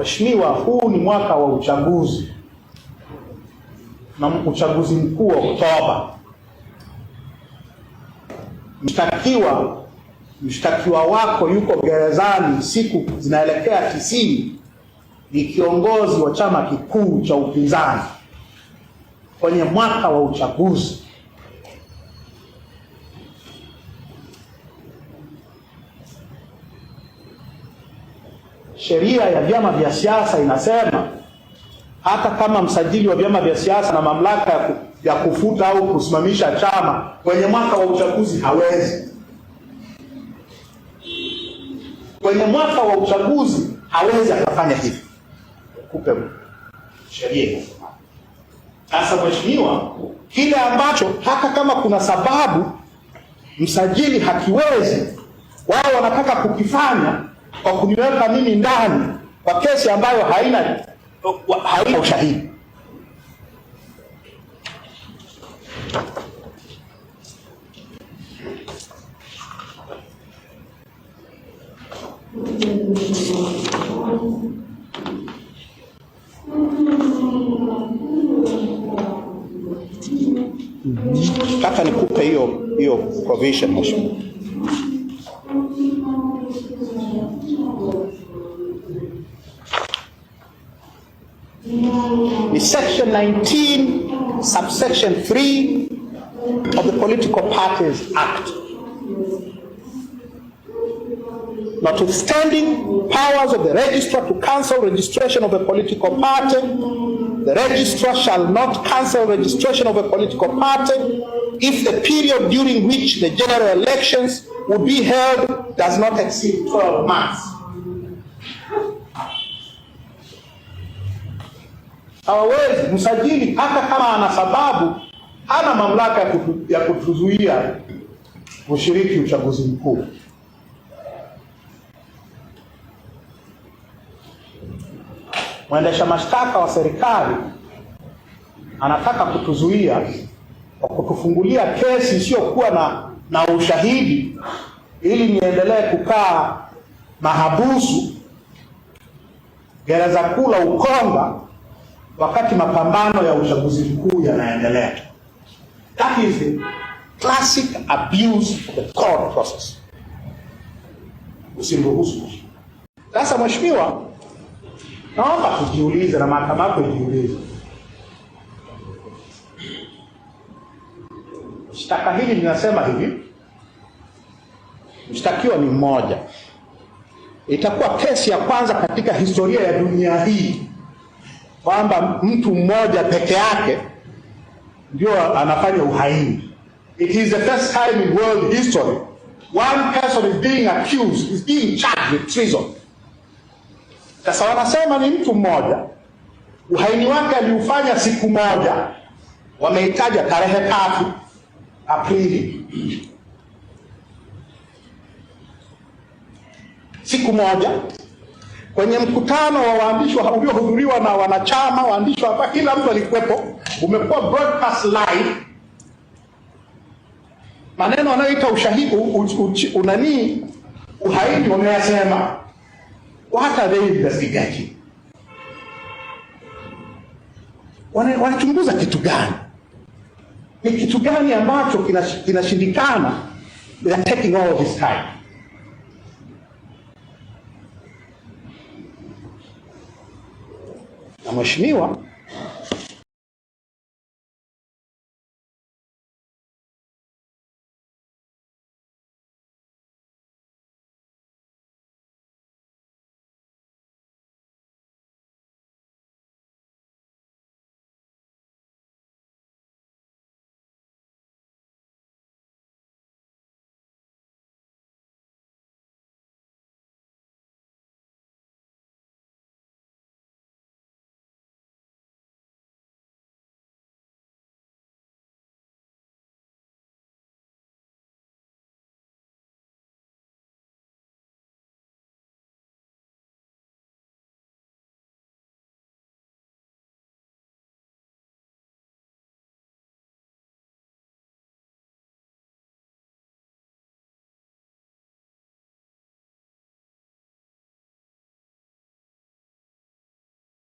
Mheshimiwa, huu ni mwaka wa uchaguzi na uchaguzi mkuu wa Oktoba. Mshtakiwa mshtakiwa wako yuko gerezani, siku zinaelekea tisini, ni kiongozi wa chama kikuu cha upinzani kwenye mwaka wa uchaguzi. sheria ya vyama vya siasa inasema hata kama msajili wa vyama vya siasa na mamlaka ya kufuta au kusimamisha chama kwenye mwaka wa uchaguzi hawezi, kwenye mwaka wa uchaguzi hawezi akafanya hivi, kupe sheria. Sasa mheshimiwa, kile ambacho hata kama kuna sababu msajili hakiwezi, wao wanataka kukifanya kwa kuniweka mimi ndani kwa kesi ambayo haina haina ushahidi. Nataka nikupe hiyo hiyo provision mheshimiwa. is section 19 subsection 3 of the Political Parties Act. Notwithstanding powers of the registrar to cancel registration of a political party, the registrar shall not cancel registration of a political party if the period during which the general elections will be held does not exceed 12 months. hawawezi msajili, hata kama ana sababu, hana mamlaka ya kutuzuia kushiriki uchaguzi mkuu. Mwendesha mashtaka wa serikali anataka kutuzuia kwa kutufungulia kesi isiyokuwa na, na ushahidi ili niendelee kukaa mahabusu gereza kuu la Ukonga wakati mapambano ya uchaguzi mkuu yanaendelea. That is the classic abuse of the court process. Usimruhusu. Sasa mheshimiwa, naomba tujiulize na mahakama yako ijiulize, shtaka hili linasema hivi, mshtakiwa ni mmoja. Itakuwa kesi ya kwanza katika historia ya dunia hii kwamba mtu mmoja peke yake ndio anafanya uhaini. It is the first time in world history one person is being accused, is being charged with treason. Sasa wanasema ni mtu mmoja, uhaini wake aliufanya siku moja, wameitaja tarehe tatu Aprili, siku moja kwenye mkutano wa waandishi uliohudhuriwa na wanachama waandishi hapa, kila mtu alikuwepo, umekuwa broadcast live. Maneno anayoita ushahidi unani uhaini wameyasema. What are they investigating? Wanachunguza kitu gani? Ni kitu gani ambacho kinashindikana? They are taking all of this time na mheshimiwa